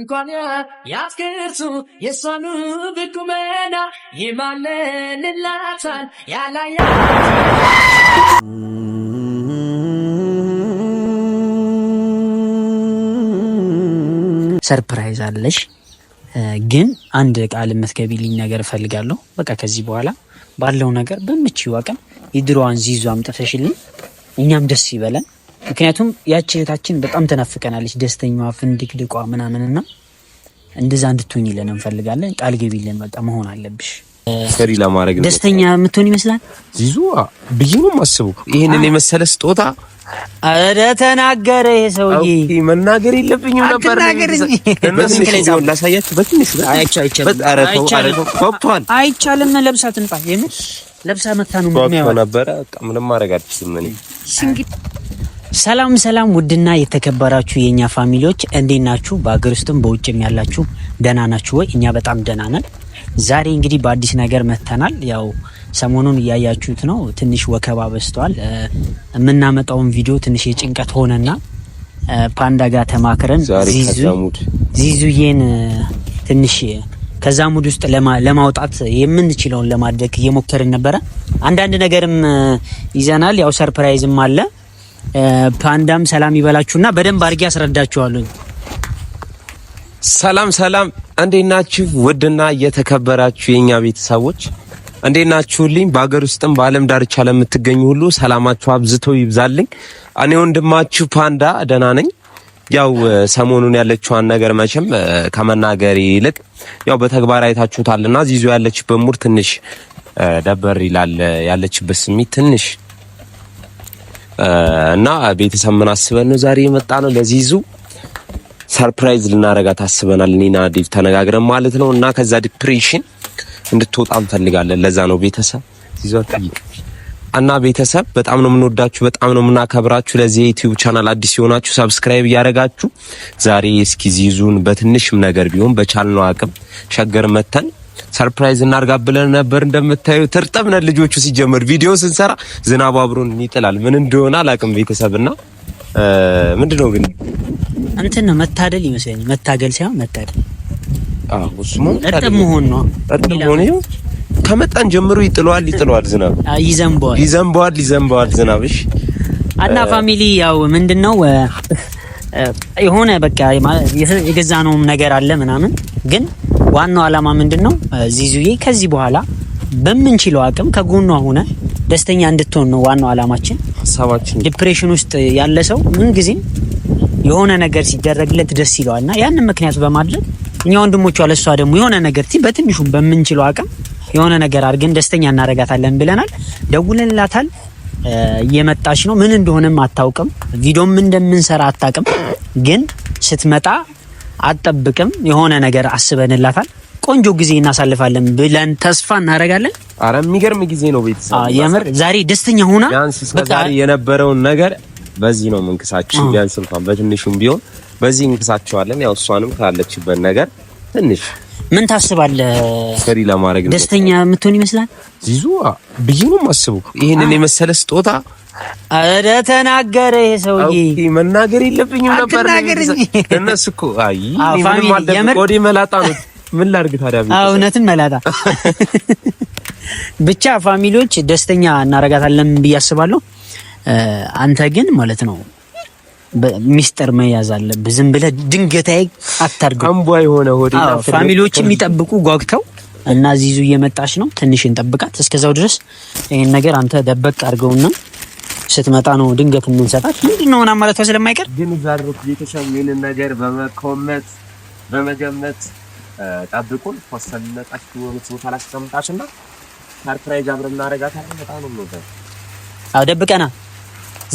እንኳን ያስገርሱ የእሷኑ ብቁመና ይማለንላታል ያላያ ሰርፕራይዝ አለሽ። ግን አንድ ቃል የምትገቢልኝ ነገር እፈልጋለሁ። በቃ ከዚህ በኋላ ባለው ነገር በምችው አቅም የድሮዋን ዚዙ አምጥተሽልኝ እኛም ደስ ይበለን። ምክንያቱም ያቺ እህታችን በጣም ተናፍቀናለች። ደስተኛዋ ፍንድቅድቋ ምናምን እና እንደዛ እንድትሆኝልን እንፈልጋለን። ቃል ገቢልን በቃ መሆን አለብሽ። ሰሪ ለማድረግ ደስተኛ የምትሆን ይመስላል ዚዙ ብዬ ነው የማስበው። ይህንን የመሰለ ስጦታ አረ ተናገረ ይሄ ሰውዬ። መናገር የለብኝም ነበር። ላሳያችሁ በትንሽ አይቻልም። ለብሳ ትንጣ የምር ለብሳ መታ ነው ነበረ። ምንም ማድረግ አልችልም እኔ ሰላም ሰላም ውድና የተከበራችሁ የእኛ ፋሚሊዎች እንዴት ናችሁ? በሀገር ውስጥም በውጭም ያላችሁ ደህና ናችሁ ወይ? እኛ በጣም ደህና ነን። ዛሬ እንግዲህ በአዲስ ነገር መጥተናል። ያው ሰሞኑን እያያችሁት ነው፣ ትንሽ ወከባ በዝቷል። የምናመጣውን ቪዲዮ ትንሽ የጭንቀት ሆነና ፓንዳ ጋር ተማክረን ዚዙዬን ትንሽ ከዛ ሙድ ውስጥ ለማውጣት የምንችለውን ለማድረግ እየሞከርን ነበረ። አንዳንድ ነገርም ይዘናል። ያው ሰርፕራይዝም አለ ፓንዳም ሰላም ይበላችሁና በደንብ አድርጌ አስረዳችኋለሁ። ሰላም ሰላም፣ እንዴት ናችሁ? ውድና የተከበራችሁ የኛ ቤተሰቦች እንዴት ናችሁልኝ? በሀገር ውስጥም በዓለም ዳርቻ ለምትገኙ ሁሉ ሰላማችሁ አብዝቶ ይብዛልኝ። እኔ ወንድማችሁ ፓንዳ ደህና ነኝ። ያው ሰሞኑን ያለችዋን ነገር መቼም ከመናገር ይልቅ ያው በተግባር አይታችሁታልና ዚዙ ያለችበት ሙር ትንሽ ደበር ይላል። ያለችበት ስሜት ትንሽ እና ቤተሰብ ምን አስበን ነው ዛሬ የመጣ ነው ለዚዙ ይዙ ሰርፕራይዝ ልናረጋት ታስበናል እኔና ዲቭ ተነጋግረን ማለት ነው። እና ከዛ ዲፕሬሽን እንድትወጣ እንፈልጋለን። ለዛ ነው ቤተሰብ እና ቤተሰብ በጣም ነው የምንወዳችሁ፣ በጣም ነው የምናከብራችሁ። ለዚህ ዩቲዩብ ቻናል አዲስ የሆናችሁ ሰብስክራይብ እያደረጋችሁ ዛሬ እስኪ ዚዙን በትንሽም ነገር ቢሆን በቻልነው አቅም ሸገር መተን ሰርፕራይዝ እናርጋ ብለን ነበር። እንደምታዩ እርጥብ ልጆቹ። ሲጀምር ቪዲዮ ስንሰራ ዝናቡ አብሮን ይጥላል። ምን እንደሆነ አላውቅም። ቤተሰብና ምንድን ነው ግን እንትን ነው መታደል ይመስለኛል። መታገል ሳይሆን መታደል። መሆን ነው። እርጥብ ከመጣን ጀምሮ ይጥለዋል፣ ይጥለዋል ዝናብ ይዘንበዋል፣ ይዘንበዋል፣ ይዘንበዋል ዝናብ። እሺ እና ፋሚሊ ያው ምንድን ነው የሆነ በቃ የገዛነውም ነገር አለ ምናምን ግን ዋናው ዓላማ ምንድን ነው? ዚዙዬ ከዚህ በኋላ በምንችለው አቅም ከጎኗ ሆነ ደስተኛ እንድትሆን ነው ዋናው አላማችን ሀሳባችን። ዲፕሬሽን ውስጥ ያለ ሰው ምንጊዜም የሆነ ነገር ሲደረግለት ደስ ይለዋል እና ያንን ምክንያት በማድረግ እኛ ወንድሞቿ ለሷ ደግሞ የሆነ ነገር በትንሹም በምንችለው አቅም የሆነ ነገር አድርገን ደስተኛ እናደርጋታለን ብለናል። ደውለንላታል። እየመጣች ነው። ምን እንደሆነም አታውቅም። ቪዲዮም እንደምንሰራ አታውቅም። ግን ስትመጣ አጠብቅም የሆነ ነገር አስበንላታል። ቆንጆ ጊዜ እናሳልፋለን ብለን ተስፋ እናደርጋለን። አረ የሚገርም ጊዜ ነው ቤተሰብ። የምር ዛሬ ደስተኛ ሆና ቢያንስ እስከዛሬ የነበረውን ነገር በዚህ ነው ምንክሳችን። ቢያንስ እንኳን በትንሹም ቢሆን በዚህ እንክሳቸዋለን። ያው እሷንም ካለችበት ነገር ትንሽ ምን ታስባለህ? ሰሪ ለማድረግ ደስተኛ የምትሆን ይመስላል ዚዙ ብዬ ነው የማስበው። ይህንን የመሰለ ስጦታ አረ ተናገረ ይሄ ሰውዬ። መናገር የለብኝም ነበር እነሱ እኮ አይ ወደ መላጣ ነው። ምን ላድርግ ታዲያ? ቢሆን እውነትን መላጣ ብቻ ፋሚሊዎች ደስተኛ እናረጋታለን ብዬ አስባለሁ። አንተ ግን ማለት ነው ሚስጥር መያዝ አለብህ። ዝም ብለህ ድንገታይ አታድርገው። አንቧ የሆነ ሆድ ፋሚሊዎች የሚጠብቁ ጓግተው እና ዚዙ እየመጣች ነው፣ ትንሽ እንጠብቃት። እስከዛው ድረስ ይህን ነገር አንተ ደበቅ አድርገውና ስትመጣ ነው ድንገት የምንሰጣት። ምንድን ነው ሆና ማለቷ ስለማይቀር ግን ዛሮት ቤተሰብ ይህንን ነገር በመኮመት በመገመት ጠብቁን። ፖስተነጣች ሆኑት ቦታ ላስቀምጣችና ሰርፕራይዝ አብረን እናደርጋታለን። በጣም ነው ደብቀና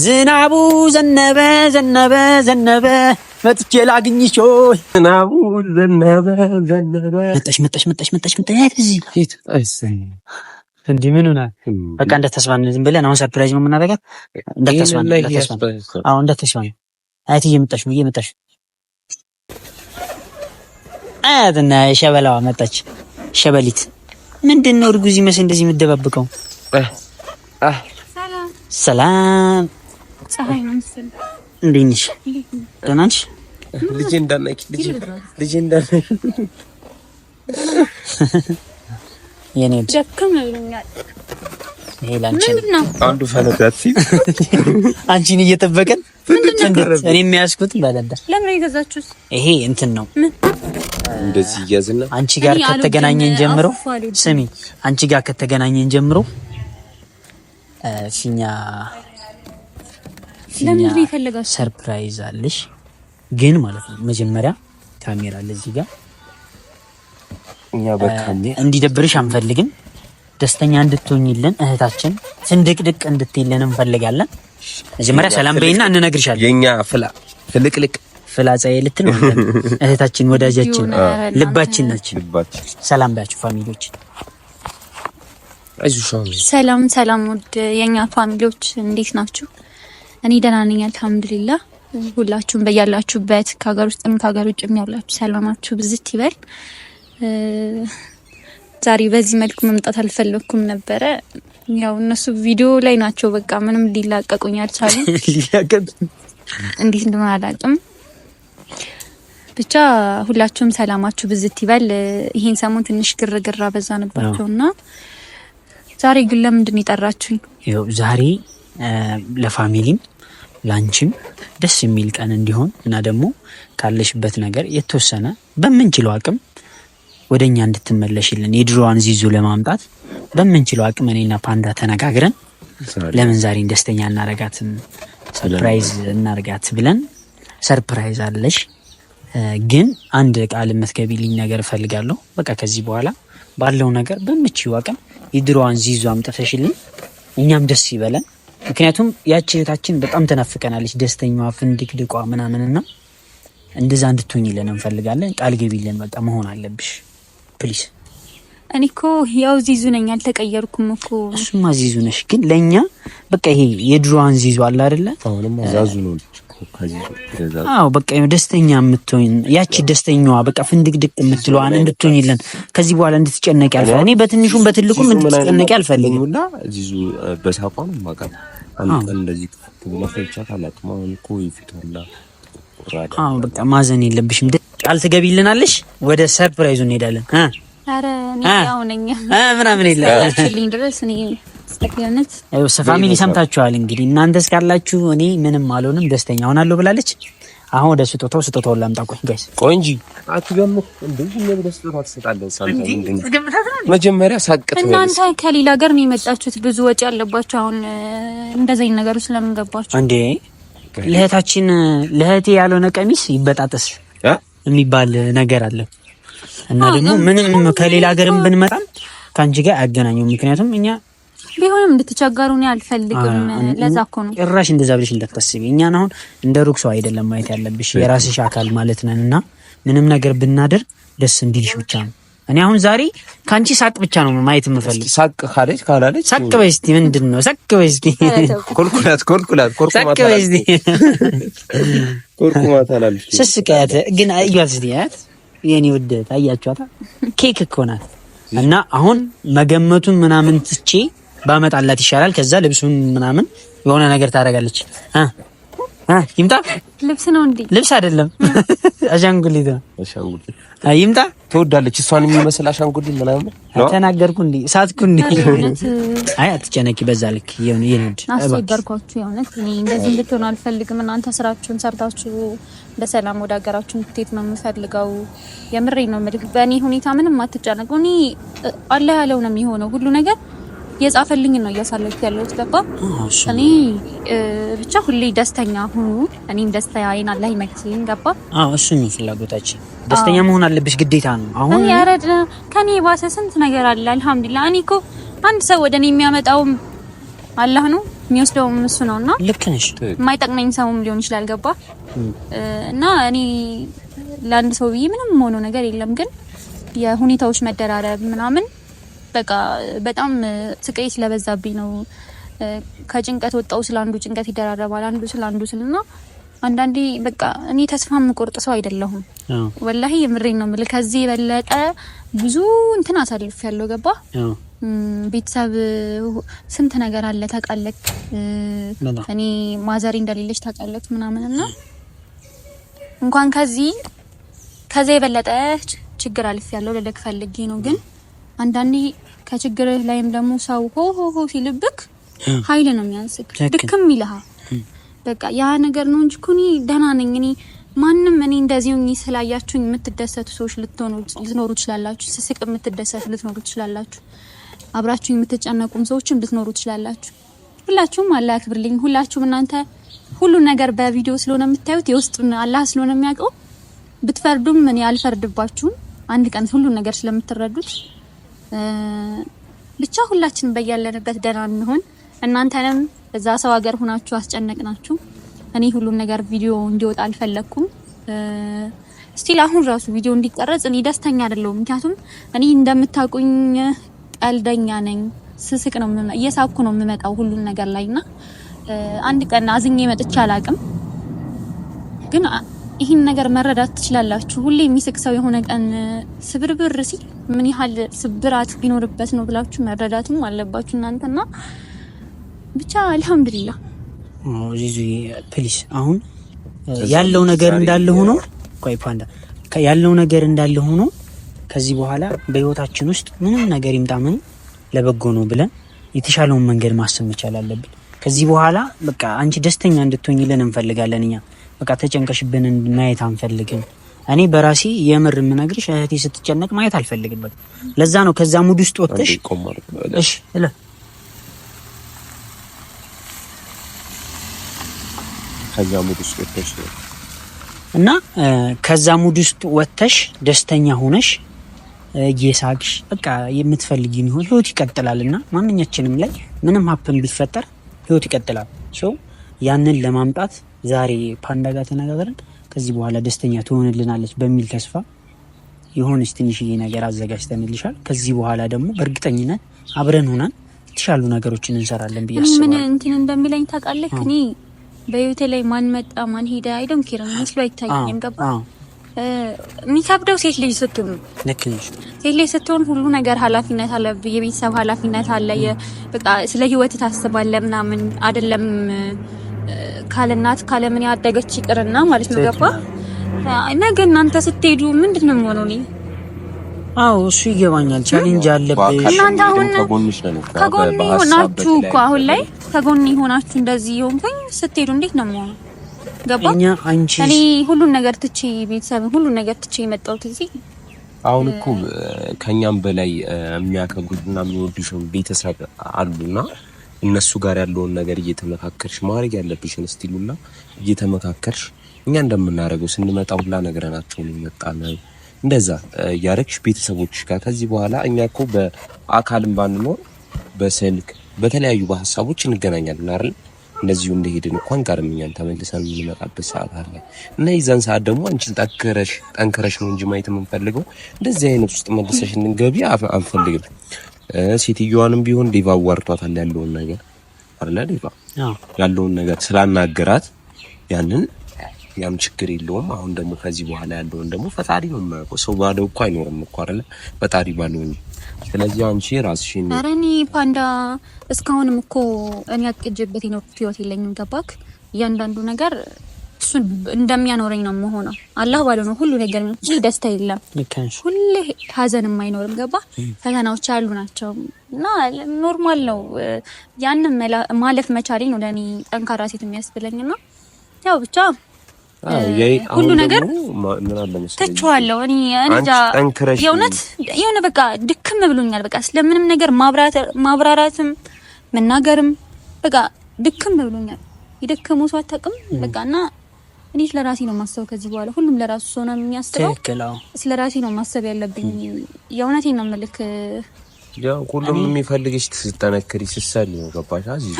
ዝናቡ ዘነበ ዘነበ ዘነበ መጥቼ ላግኝሽ ሆይ ዝናቡ ዘነበ ዘነበ መጠሽ መጠሽ መጠሽ መጠሽ መጠሽ እዚህ ሂድ አይሰኝ እንዴ ምን ሆና በቃ እንደተስፋ ነው ዝም ብለን አሁን ሰርፕራይዝ ነው የምናደርጋት እንደተስፋ ነው እንደተስፋ ነው አሁን እንደተስፋ ነው አያት እየመጣሽ ነው እየመጣሽ አያት ሸበላዋ መጣች ሸበሊት ምንድን ነው እርጉዝ ይመስል እንደዚህ የምትደባብቀው ሰላም ፀሐይ እንዴት ነሽ? ደህና ነሽ? ልጄ ልጄ የኔ ደከም አንቺን እየጠበቀን እኔ የሚያስኩት ለምን ይሄ እንትን ነው። እንደዚህ እያዝና አንቺ ጋር ከተገናኘን ጀምሮ ስሚ፣ አንቺ ጋር ከተገናኘን ጀምሮ ፊኛ ሁለተኛ ሰርፕራይዝ አለሽ። ግን ማለት ነው መጀመሪያ ካሜራ አለ እዚህ ጋር እኛ እንዲደብርሽ አንፈልግም። ደስተኛ እንድትሆኝልን እህታችን ስንድቅድቅ እንድትይልን እንፈልጋለን። መጀመሪያ ሰላም በይና እንነግርሻለን። የኛ ፍላ ፍልቅልቅ ፍላጻዬ ልትል እህታችን ወዳጃችን ልባችን ናችን። ሰላም ባያችሁ ፋሚሊዎች። ሰላም ሰላም፣ ውድ የኛ ፋሚሊዎች እንዴት ናችሁ? እኔ ደህና ነኝ፣ ሁላችሁም በያላችሁበት ከሀገር ውስጥም ከሀገር ውጭም ያላችሁ ሰላማችሁ ብዝት ይበል። ዛሬ በዚህ መልኩ መምጣት አልፈለኩም ነበረ። ያው እነሱ ቪዲዮ ላይ ናቸው። በቃ ምንም ሊላቀቁኝ አልቻሉም። እንዴት እንደሆነ አላውቅም። ብቻ ሁላችሁም ሰላማችሁ ብዝት ይበል። ይሄን ሰሞን ትንሽ ግርግር አበዛ ነበርኩና ዛሬ ግን ለምንድን ነው የጠራችሁኝ? ዛሬ ለፋሚሊም ላንቺም ደስ የሚል ቀን እንዲሆን እና ደግሞ ካለሽበት ነገር የተወሰነ በምንችለው አቅም ወደ እኛ እንድትመለሽልን የድሮዋን ዚዙ ለማምጣት በምንችለው አቅም እኔና ፓንዳ ተነጋግረን ለምን ዛሬን ደስተኛ እናረጋትን ሰርፕራይዝ እናርጋት ብለን ሰርፕራይዝ አለሽ። ግን አንድ ቃል የምትገቢልኝ ነገር እፈልጋለሁ። በቃ ከዚህ በኋላ ባለው ነገር በምችው አቅም የድሮዋን ዚዙ አምጥተሽልን እኛም ደስ ይበለን። ምክንያቱም ያቺ እህታችን በጣም ተናፍቀናለች። ደስተኛዋ ፍንድቅድቋ ምናምንና እንደዛ እንድትሆኝልን እንፈልጋለን። ቃል ገቢልን። በቃ መሆን አለብሽ ፕሊስ። እኔ እኮ ያው ዚዙ ነኝ አልተቀየርኩም እኮ። እሱማ ዚዙ ነሽ፣ ግን ለእኛ በቃ ይሄ የድሮዋን ዚዙ አለ አይደለ? አዎ በቃ ደስተኛ የምትሆኝ ያቺ ደስተኛዋ በቃ ፍንድቅድቅ የምትለዋን እንድትሆኝልን ከዚህ በኋላ እንድትጨነቅ አልፈልግም። እኔ በትንሹም በትልቁም እንድትጨነቅ አልፈልግም። በቃ ማዘን የለብሽም። ቃል ትገቢልናለሽ። ወደ ሰርፕራይዙ እንሄዳለን ምናምን የለም ፋሚሊ ሰምታችኋል። እንግዲህ እናንተ እስካላችሁ እኔ ምንም አልሆንም፣ ደስተኛ ሆናለሁ ብላለች። አሁን ወደ ስጦታው ስጦታውን ላምጣ። ቆይ ጋይስ፣ ቆይ እንጂ አትገምት። መጀመሪያ ሳቅት። እናንተ ከሌላ ሀገር ነው የመጣችሁት፣ ብዙ ወጪ አለባችሁ። አሁን እንደዚህ ነገር ውስጥ ለምን ገባችሁ እንዴ? ለእህታችን ለእህቴ ያልሆነ ቀሚስ ይበጣጠስ የሚባል ነገር አለ እና ደግሞ ምንም ከሌላ ሀገርም ብንመጣም ከአንቺ ጋር አያገናኙም። ምክንያቱም እኛ ቢሆንም እንድትቸገሩ እኔ አልፈልግም። ለዛ እኮ ነው ጭራሽ እንደዛ ብለሽ እንዳታስቢ። እኛን አሁን እንደ ሩቅ ሰው አይደለም ማየት ያለብሽ፣ የራስሽ አካል ማለት ነን እና ምንም ነገር ብናደርግ ደስ እንዲልሽ ብቻ ነው። እኔ አሁን ዛሬ ከአንቺ ሳቅ ብቻ ነው ማየት የምፈልግ። ሳቅ ካለች ካላለች ሳቅ በይ እስኪ። ምንድን ነው ሳቅ በይ እስኪ። ኮልኩላት ኮልኩላት ሳቅ በይ እስኪ። ኮልኩላት አላለች ስስቀያት ግን እያት እስኪ አያት የኔ ውድ ታያችኋታ ኬክ እኮ ናት እና አሁን መገመቱን ምናምን ትቼ ባመጣላት ይሻላል። ከዛ ልብሱን ምናምን የሆነ ነገር ታደርጋለች። ይምጣ ልብስ ነው እንዴ? ልብስ አይደለም፣ አሻንጉሊት ነው። አሻንጉሊት ይምጣ። ትወዳለች እሷን የሚመስል አሻንጉሊት ምናምን። ተናገርኩ እንዴ? ሳትኩ እንዴ? አይ አትጨነቂ። በዛ ልክ ይሁን ይሁን። አስቸገርኳችሁ። የእውነት እኔ እንደዚህ እንድትሆኑ አልፈልግም። እናንተ ስራችሁን ሰርታችሁ በሰላም ወደ ሀገራችሁ እንድትሄድ ነው የምፈልገው። የምሬ ነው የምልህ። በእኔ ሁኔታ ምንም አትጨነቁ። እኔ አለ ያለው ነው የሚሆነው ሁሉ ነገር የጻፈልኝ ነው እያሳለፍኩ ያለሁት ገባ። እኔ ብቻ ሁሌ ደስተኛ ሁኑ። እኔም ደስታ አይን አላህ ይመክልኝ። ገባ። አዎ እሱ ነው ፍላጎታችን። ደስተኛ መሆን አለብሽ፣ ግዴታ ነው። አሁን ያረድ ከኔ ባሰ ስንት ነገር አለ። አልሐምዱሊላህ። እኔ እኮ አንድ ሰው ወደ እኔ የሚያመጣውም አላህ ነው የሚወስደውም እሱ ነውና፣ ልክ ነሽ። የማይጠቅመኝ ሰውም ሊሆን ይችላል። ገባ። እና እኔ ለአንድ ሰው ብዬ ምንም ሆኖ ነገር የለም ግን የሁኔታዎች መደራረብ ምናምን በቃ በጣም ስቃይ ስለበዛብኝ ነው። ከጭንቀት ወጣው ስለ አንዱ ጭንቀት ይደራረባል፣ አንዱ ስለ አንዱ ስልና አንዳንዴ በቃ እኔ ተስፋ የምቆርጥ ሰው አይደለሁም። ወላሂ የምሬን ነው የምልህ። ከዚህ የበለጠ ብዙ እንትን አሳልፍ ያለው ገባ ቤተሰብ ስንት ነገር አለ ታውቃለች። እኔ ማዘሪ እንደሌለች ታውቃለች ምናምን ና እንኳን ከዚህ ከዚህ የበለጠ ችግር አልፍ ያለው ልልክ ፈልጌ ነው ግን አንዳንዴ ከችግር ላይም ደግሞ ሰው ሆ ሆ ሆ ሲልብክ ኃይል ነው የሚያንስክ፣ ድክም ይልሃል። በቃ ያ ነገር ነው እንጂ እኮ እኔ ደህና ነኝ። እኔ ማንም እኔ እንደዚህ ሆኜ ስላያችሁኝ የምትደሰቱ ሰዎች ልትኖሩ ትችላላችሁ። ስስቅ የምትደሰቱ ልትኖሩ ትችላላችሁ። አብራችሁ የምትጨነቁም ሰዎችም ልትኖሩ ትችላላችሁ። ሁላችሁም አላህ ያክብርልኝ። ሁላችሁም እናንተ ሁሉ ነገር በቪዲዮ ስለሆነ የምታዩት የውስጥ አላህ ስለሆነ የሚያውቀው ብትፈርዱም እኔ አልፈርድባችሁም። አንድ ቀን ሁሉ ነገር ስለምትረዱት ብቻ ሁላችን በያለንበት ደህና እንሆን። እናንተንም እዛ ሰው ሀገር ሁናችሁ አስጨነቅናችሁ። እኔ ሁሉም ነገር ቪዲዮ እንዲወጣ አልፈለኩም። ስቲል አሁን ራሱ ቪዲዮ እንዲቀረጽ እኔ ደስተኛ አይደለሁም። ምክንያቱም እኔ እንደምታውቁኝ ቀልደኛ ነኝ። ስስቅ ነው እየሳኩ ነው የምመጣው ሁሉም ነገር ላይና አንድ ቀን አዝኜ መጥቼ አላቅም። ግን ይህን ነገር መረዳት ትችላላችሁ። ሁሌ የሚስቅ ሰው የሆነ ቀን ስብርብር ሲል ምን ያህል ስብራት ቢኖርበት ነው ብላችሁ መረዳትም አለባችሁ እናንተና ብቻ አልሐምዱሊላ ፕሊስ አሁን ያለው ነገር እንዳለ ሆኖ ያለው ነገር እንዳለ ሆኖ ከዚህ በኋላ በህይወታችን ውስጥ ምንም ነገር ይምጣ ምን ለበጎ ነው ብለን የተሻለውን መንገድ ማሰብ መቻል አለብን። ከዚህ በኋላ በቃ አንቺ ደስተኛ እንድትሆኝልን እንፈልጋለን። እኛ በቃ ተጨንቀሽብን ማየት አንፈልግም። እኔ በራሴ የምር የምነግርሽ እህቴ ስትጨነቅ ማየት አልፈልግበት። ለዛ ነው ከዛ ሙድ ውስጥ ወጥተሽ እሺ እለ ከዛ ሙድ ውስጥ ወጥተሽ እና ከዛ ሙድ ውስጥ ወጥተሽ ደስተኛ ሆነሽ እየሳቅሽ በቃ የምትፈልጊ ነው። ህይወት ይቀጥላል። እና ማንኛችንም ላይ ምንም ሀፕን ቢፈጠር ህይወት ይቀጥላል። ያንን ለማምጣት ዛሬ ፓንዳ ጋር ተነጋግረን ከዚህ በኋላ ደስተኛ ትሆንልናለች በሚል ተስፋ የሆነች ትንሽዬ ነገር አዘጋጅተንልሻል። ከዚህ በኋላ ደግሞ በእርግጠኝነት አብረን ሆነን የተሻሉ ነገሮችን እንሰራለን ብዬ አስባለሁ። ምን እንትን እንደሚለኝ ታውቃለህ? እኔ በህይወቴ ላይ ማን መጣ ማን ሄደ አይደም ኪራ መስሎ አይታየኝም። ገባ የሚከብደው ሴት ልጅ ስትሆን ልክ ነሽ። ሴት ልጅ ስትሆን ሁሉ ነገር ኃላፊነት አለ፣ የቤተሰብ ኃላፊነት አለ። በቃ ስለ ህይወት ታስባለ ምናምን አይደለም ካለ እናት ካለ ምን ያደገች ይቅርና ማለት ነው። ገባ ነገ እናንተ ስትሄዱ ምንድን ነው የምሆነው እኔ? አዎ እሱ ይገባኛል። ቻሌንጅ አለብሽ እናንተ። አሁን ከጎን ሆናችሁ እኮ አሁን ላይ ከጎን ሆናችሁ እንደዚህ የሆንኩኝ ስትሄዱ እንዴት ነው የምሆነው? ገባ እኔ ሁሉን ነገር ትቼ ቤተሰብ ሁሉን ነገር ትቼ የመጣሁት እዚህ አሁን እኮ ከኛም በላይ የሚያከብሩትና የሚወዱሽም ቤተሰብ አሉና እነሱ ጋር ያለውን ነገር እየተመካከርሽ ማድረግ ያለብሽን ስቲሉና እየተመካከርሽ እኛ እንደምናደርገው ስንመጣ ሁላ ነገረናቸው የሚመጣ ነው። እንደዛ እያደረግሽ ቤተሰቦች ጋር ከዚህ በኋላ እኛ እኮ በአካልም ባንኖር በስልክ በተለያዩ በሀሳቦች እንገናኛለን አይደል? እንደዚሁ እንደሄድን እንኳን ጋር እኛን ተመልሰን የምንመጣበት ሰዓት አለ እና የዛን ሰዓት ደግሞ አንቺን ጠንክረሽ ጠንክረሽ ነው እንጂ ማየት የምንፈልገው እንደዚህ አይነት ውስጥ መልሰሽ እንድንገቢ አንፈልግም። ሴትዮዋንም ቢሆን ዴቫ አዋርቷታል ያለውን ነገር አለ ዴቫ ያለውን ነገር ስላናገራት ያንን ያም ችግር የለውም። አሁን ደግሞ ከዚህ በኋላ ያለውን ደግሞ ፈጣሪ ነው የማያውቀው። ሰው ባለው እኮ አይኖርም እኮ አይደለ? ፈጣሪ ባለው ነው። ስለዚህ አንቺ ራስሽን ኧረ እኔ ፓንዳ እስካሁንም እኮ እኔ አቅጄበት የኖርኩት ህይወት የለኝም። ገባክ? እያንዳንዱ ነገር እሱ እንደሚያኖረኝ ነው መሆነው። አላህ ባለ ነው ሁሉ ነገር። ደስታ የለም ሁሌ ሀዘንም አይኖርም። ገባ ፈተናዎች አሉ ናቸው እና ኖርማል ነው። ያንን ማለፍ መቻሌ ነው ለእኔ ጠንካራ ሴት የሚያስብለኝ እና ያው ብቻ ሁሉ ነገር ተችዋለሁ። እኔ የእውነት የሆነ በቃ ድክም ብሎኛል። በቃ ስለምንም ነገር ማብራራትም መናገርም በቃ ድክም ብሎኛል። የደከመው ሰው አታውቅም በቃ እና እኔ ለራሴ ነው ማሰብ ከዚህ በኋላ ሁሉም ለራሱ ሰው ነው የሚያስበው። ስለ ራሴ ነው ማሰብ ያለብኝ። የእውነቴ ነው የምልክ። ያው ሁሉም የሚፈልግሽ ስትጠነክሪ፣ ስትሰሪ ነው። ገባሽ? አዚዙ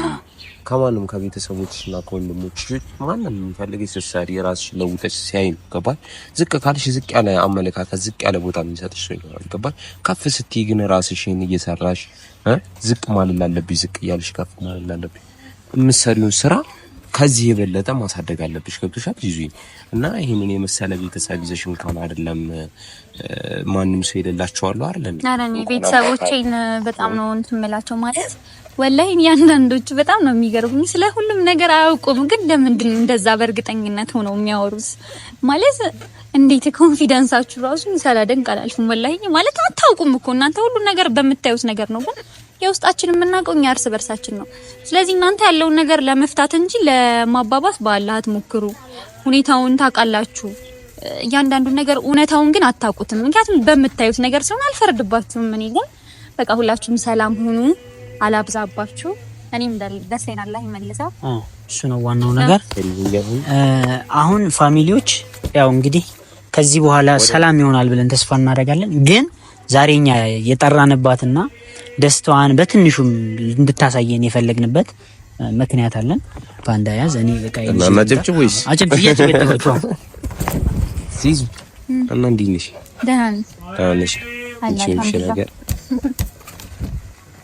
ከማንም እና ከወንድሞች ማንም የሚፈልግሽ ስትሰሪ፣ የራስሽ ለውጠሽ ሲያይ ነው። ገባሽ? ዝቅ ካልሽ ዝቅ ያለ አመለካከት፣ ዝቅ ያለ ቦታ የሚሰጥሽ ሰው ይኖራል። ገባሽ? ከፍ ስትይ ግን ራስሽን እየሰራሽ ዝቅ ማለት ላለብሽ፣ ዝቅ እያልሽ ከፍ ማለት ላለብሽ የምትሰሪውን ስራ ከዚህ የበለጠ ማሳደግ አለብሽ። ገብቶሻል ይዙ እና ይህንን የመሰለ ቤተሰብ ይዘሽ እንኳን አይደለም ማንም ሰው የሌላቸዋሉ አይደለም። ኧረ እኔ ቤተሰቦቼን በጣም ነው እንትን የምላቸው ማለት ወላሂ እያንዳንዶቹ በጣም ነው የሚገርሙኝ። ስለ ሁሉም ነገር አያውቁም፣ ግን ለምንድን እንደዛ በእርግጠኝነት ሆነው የሚያወሩት ማለት እንዴት ኮንፊደንሳችሁ ራሱ ሳላደንቅ አላልፍም። ወላይ ማለት አታውቁም እኮ እናንተ ሁሉም ነገር በምታዩት ነገር ነው ግን የውስጣችን የምናውቀው እኛ እርስ በርሳችን ነው። ስለዚህ እናንተ ያለውን ነገር ለመፍታት እንጂ ለማባባስ በአላህ አትሞክሩ። ሁኔታውን ታውቃላችሁ። እያንዳንዱ ነገር እውነታውን ግን አታውቁትም። ምክንያቱም በምታዩት ነገር ሲሆን አልፈርድባችሁም። እኔ ግን በቃ ሁላችሁም ሰላም ሁኑ፣ አላብዛባችሁ። እኔም ደስ አላህ ይመልሰው። እሱ ነው ዋናው ነገር። አሁን ፋሚሊዎች ያው እንግዲህ ከዚህ በኋላ ሰላም ይሆናል ብለን ተስፋ እናደርጋለን። ግን ዛሬኛ የጠራንባትና ደስታዋን በትንሹም እንድታሳየን የፈለግንበት ምክንያት አለን። ፓንዳ ያዝ። እኔ በቃ አጨብጭብ ወይስ አጨብጭብ እያጨበጨበችው ሲዝ እና እንዴት ነሽ? ደህና ነሽ? አላሽ ነገር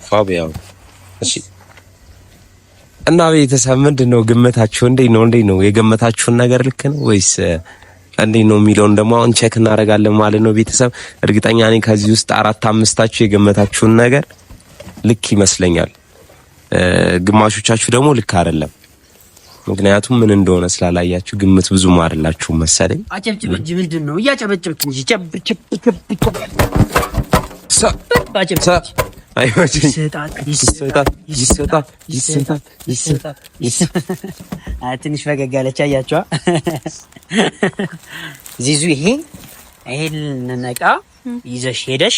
ፋቢያው እሺ። እና ቤተሰብ ምንድን ነው ግምታችሁ? እንዴ ነው እንዴ ነው የገመታችሁን ነገር ልክ ነው ወይስ እንዴት ነው የሚለውን ደግሞ አሁን ቼክ እናደርጋለን ማለት ነው ቤተሰብ። እርግጠኛ ነኝ ከዚህ ውስጥ አራት አምስታችሁ የገመታችሁን ነገር ልክ ይመስለኛል። ግማሾቻችሁ ደግሞ ልክ አይደለም። ምክንያቱም ምን እንደሆነ ስላላያችሁ ግምት ብዙም አይደላችሁም መሰለኝ። አጨብጭብ እንጂ ምንድን ነው እንጂ ትንሽ ይዘሽ ሄደሽ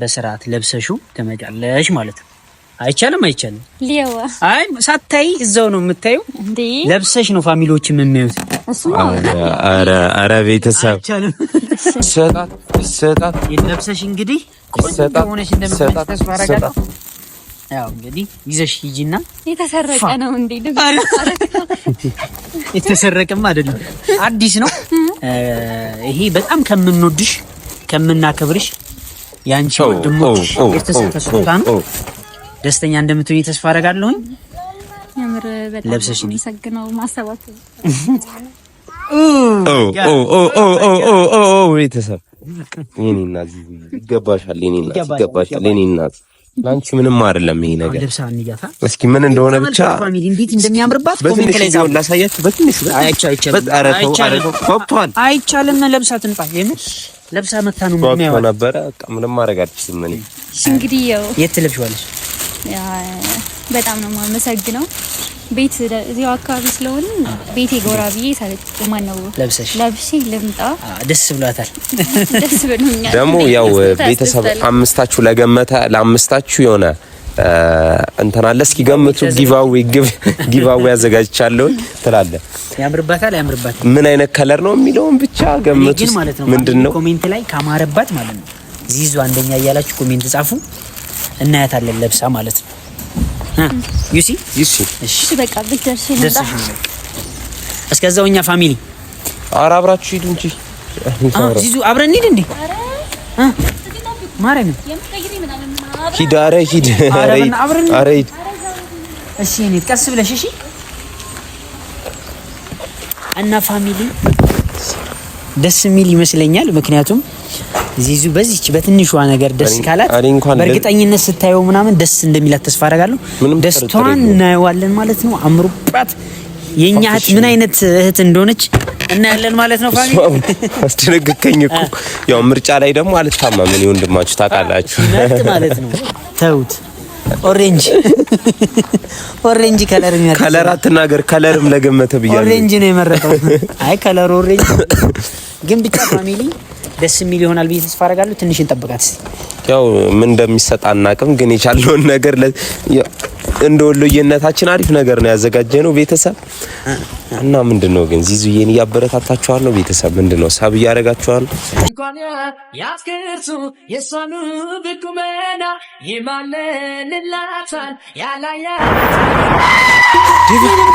በስርዓት ለብሰሹ ትመጫለሽ ማለት ነው። አይቻልም አይቻልም። ሊያዋ አይ ሳታይ እዛው ነው የምታየው። ለብሰሽ ነው ፋሚሊዎች የሚያዩት። አረ አረ ቤተሰብ ሰጣት ሰጣት ለብሰሽ እንግዲህ ቆንጆ ሆነሽ እንደምትመጪ ተስፋ አደርጋለሁ። ያው እንግዲህ ይዘሽ ሂጂና የተሰረቀ ነው እንዴ? የተሰረቀም አይደለም አዲስ ነው። ይሄ በጣም ከምንወድሽ ከምናከብርሽ የአንቺ ወንድሞች የተሳተፉታን ደስተኛ እንደምትሆኝ ተስፋ አደርጋለሁኝ። ለብሰሽ ነው ማሰባት ቤተሰብ ይገባሻል፣ ይገባሻል፣ ለአንቺ ምንም አይደለም ይሄ ነገር። እስኪ ምን እንደሆነ ብቻ እንዴት እንደሚያምርባት ኮሜንት ላይ ዛው ላሳያችሁ። በትንሽ ለብሳት እንጣ ለብሳ መታ ነው ምንም ያው ነበር። በቃ ምንም ማድረግ አልችልም እኔ እንግዲህ ያው የት ትለብሽዋለሽ? በጣም ነው የማመሰግነው። ቤት እዚያው አካባቢ ስለሆነ ቤቴ ጎራ ብዬ ሳለች ማን ነው ለብሰሽ ለብሼ ልምጣ። ደስ ብሏታል። ደስ ብሎኛል። ደግሞ ያው ቤተሰብ አምስታችሁ ለገመተ ለአምስታችሁ የሆነ እንትና አለ። እስኪ ገምቱ። ጊቫዌ ጊቫዌ አዘጋጅቻለሁ ትላለ። ያምርባታል ያምርባታል። ምን አይነት ከለር ነው የሚለውን ብቻ ገምቱ። ምንድን ነው ኮሜንት ላይ ካማረባት ማለት ነው ዚዙ አንደኛ እያላችሁ ኮሜንት ጻፉ። እናያታለን ለብሳ ማለት ነው። ዩሲ ዩሲ እሺ፣ በቃ ብትደርሽ ነው። እስከዛው እኛ ፋሚሊ ኧረ አብራችሁ ሂዱ እንጂ ዚዙ አብረን ሂድ እንዴ ማረን ማረኝ ሂድ፣ ኧረ ሂድ፣ ኧረ ሂድ። እሺ እኔ ቀስ ብለሽ እሺ። እና ፋሚሊ ደስ የሚል ይመስለኛል። ምክንያቱም ዚዙ በዚች በትንሿ ነገር ደስ ካላት በእርግጠኝነት ስታየው ምናምን ደስ እንደሚላት ተስፋ አደርጋለሁ። ደስቷን እናየዋለን ማለት ነው። አምሮባት የእኛ እህት ምን አይነት እህት እንደሆነች እናያለን ማለት ነው። ፋሚሊ አስደነግከኝ እኮ ያው ምርጫ ላይ ደግሞ አልታማም እኔ ወንድማችሁ ታውቃላችሁ ማለት ነው። ተውት ኦሬንጅ ኦሬንጅ ከለር ነው። ከለር አትናገር፣ ከለርም ለገመተ ብያለሁ። ኦሬንጅ ነው የመረጠው። አይ ከለር ኦሬንጅ ግን ብቻ ፋሚሊ ደስ የሚል ይሆናል ብዬ ተስፋ አደርጋለሁ። ትንሽ እንጠብቃት። ያው ምን እንደሚሰጥ አናቅም፣ ግን የቻለውን ነገር እንደ ወሎዬነታችን አሪፍ ነገር ነው ያዘጋጀነው ቤተሰብ እና ምንድን ነው ግን ዚዙዬን እያበረታታችኋል ነው? ቤተሰብ ምንድን ነው ሳብ እያደረጋችኋል? እንኳን ያስገርሱ የእሷኑ ብቁመና ይማለልላታል ያላያ ምንድን ነው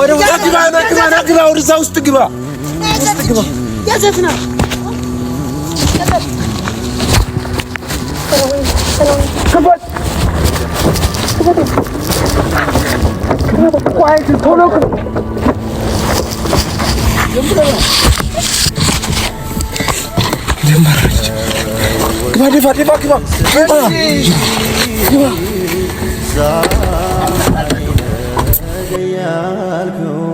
ወደ ውስጥ ግባ፣ ግባ፣ ግባ፣ ወደዛ ውስጥ ግባ፣ ውስጥ ግባ። ግባ፣ ግባ፣ ግባ፣ ግባ ያልከው